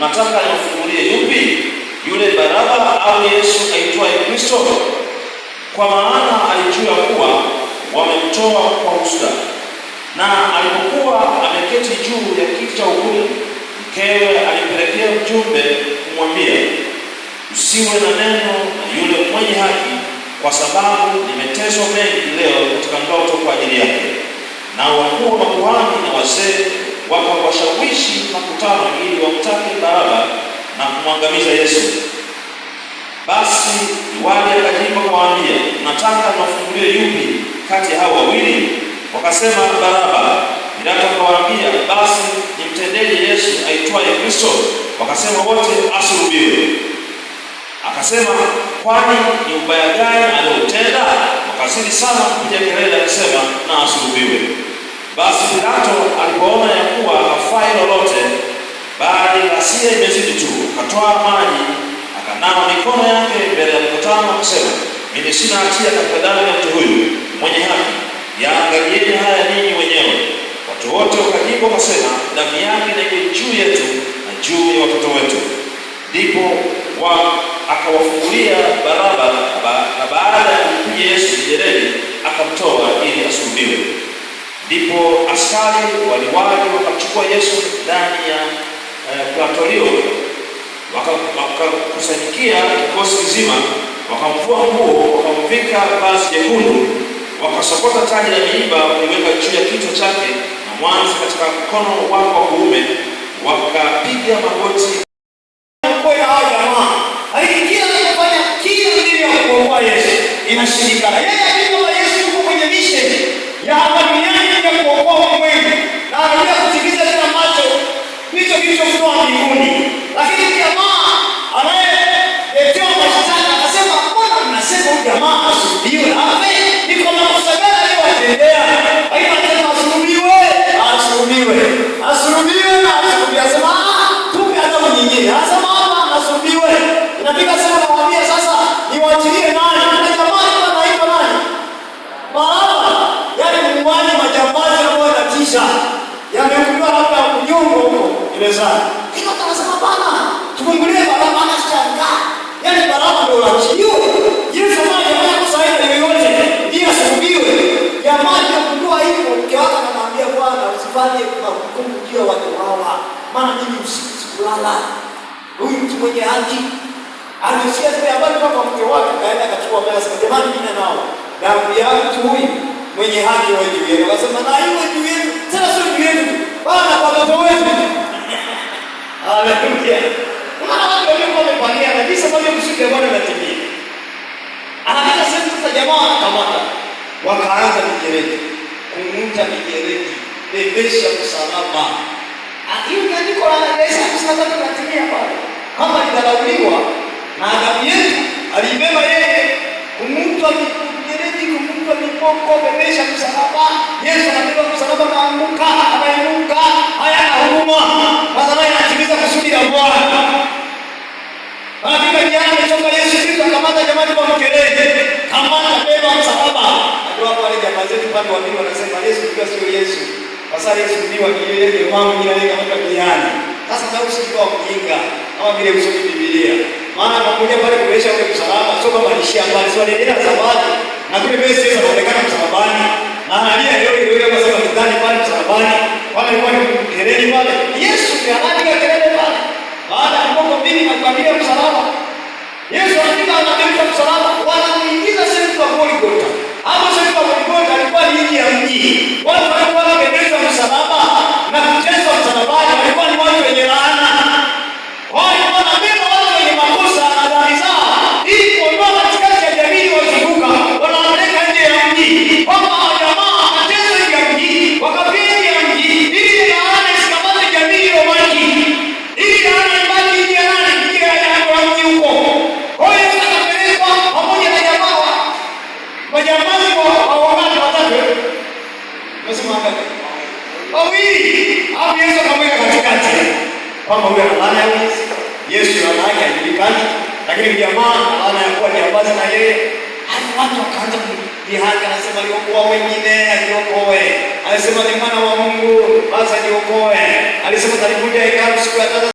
Nataka niwafunulie yupi, yule Baraba au Yesu aitwaye Kristo? Kwa maana alijua kuwa wamemtoa kwa usta, na alipokuwa ameketi juu ya kiti cha hukumu, mkewe alipelekea mjumbe kumwambia, usiwe na neno na yule mwenye haki, kwa sababu nimeteswa mengi leo katika ndoto kwa ajili yake. Na wakuu wa makuhani na wazee wakawashawishi makutano ili wamtake Baraba na kumwangamiza Yesu. Basi wale akajibu akawaambia, nataka niwafungulie yupi kati ya hao wawili? Wakasema, Baraba. Pilato akawaambia, basi nimtendeje Yesu aitwaye Kristo? Wakasema wote, asulubiwe. Akasema, kwani ni ubaya gani aliotenda? Wakazidi sana kupiga kelele akisema, na asulubiwe. Basi Pilato alipoona ya kuwa hafai lolote, bali hasira imezidi tu, akatoa maji akanawa mikono yake mbele ya mkutano kusema, mimi sina hatia katika damu ya mtu huyu mwenye haki, yaangalieni haya ninyi wenyewe. Watu wote wakajibu wakasema, damu yake na iwe juu yetu na juu ya watoto wetu. Ndipo akawafungulia Baraba, na baada ya kumpiga Yesu kijeredi Ndipo askari waliwali wakachukua Yesu ndani ya eh, Pretorio, wakakusanyikia kikosi kizima, wakamvua nguo, wakamvika vazi jekundu, wakasokota taji la miiba waliweka juu ya kichwa chake na mwanzi katika mkono wake wa kuume, wakapiga magoti inashindikana. Yeye akiwa Yesu yuko kwenye misheni ya oh, gerezani. Hilo tunasema bwana, tufungulie Baraba shanga. Yaani Baraba ndio waachiwe. Yesu mali ya yako sasa ile yoyote ndiyo asibiwe. Jamani akujua hivyo mke wako anamwambia bwana usifanye mahukumu juu ya watu hawa. Maana mimi usiku sikulala. Huyu mtu mwenye haki alisikia zile habari kwa mke wake kaenda akachukua mbele sasa jamani mimi nao. Damu ya mtu huyu mwenye haki wewe juu yenu. Akasema na iwe juu yenu. Tena sio juu yenu. Bwana kuja. Unaona watu waliokuwa wamepangia kabisa moja kusudi ya Bwana natimia. Anapata sehemu sasa jamaa wanakamata. Wakaanza mijeredi. Kumuita mijeredi. Bebesha msalaba. Ah, hiyo andiko la Yesu Kristo ndio natimia pale. Kama lidharauliwa na adhabu yetu alibeba yeye kumuita mijeredi kumuita mipoko bebesha msalaba. Yesu anabeba msalaba kama hapo kama anabeba msalaba. Ndio hapo wale jamaa zetu pale wa mbinguni wanasema Yesu ndio sio Yesu. Sasa Yesu ndio wa kile yeye mwangu ni yeye kama duniani. Sasa sababu sisi kwa mjinga kama vile usome Biblia. Maana anakuja pale kuonesha ule msalaba, sio kama alishia pale, sio aliendelea zawadi. Na kule Yesu anaonekana msalabani. Na alia leo ile ile kwa sababu ndani pale msalabani, wale wale kelele pale. Yesu ndiye anapiga kelele pale. Baada ya mambo mbili na kuambia msalaba. Yesu usalama wanamuingiza Sherifu wa Goligota. Hapo Sherifu wa Goligota alikuwa ni nje ya mji, watu walikuwa hii au Yesu akamweka katikati kwamba huyo analana ya wizi, Yesu laana yake haijulikani, lakini jamaa laana ya kuwa jambazi na yeye. Hadi watu wakaanza kumdhihaki, anasema aliokoa wengine, ajiokoe, anasema ni mwana wa Mungu, basi ajiokoe, alisema talikuja hekalu siku ya tatu.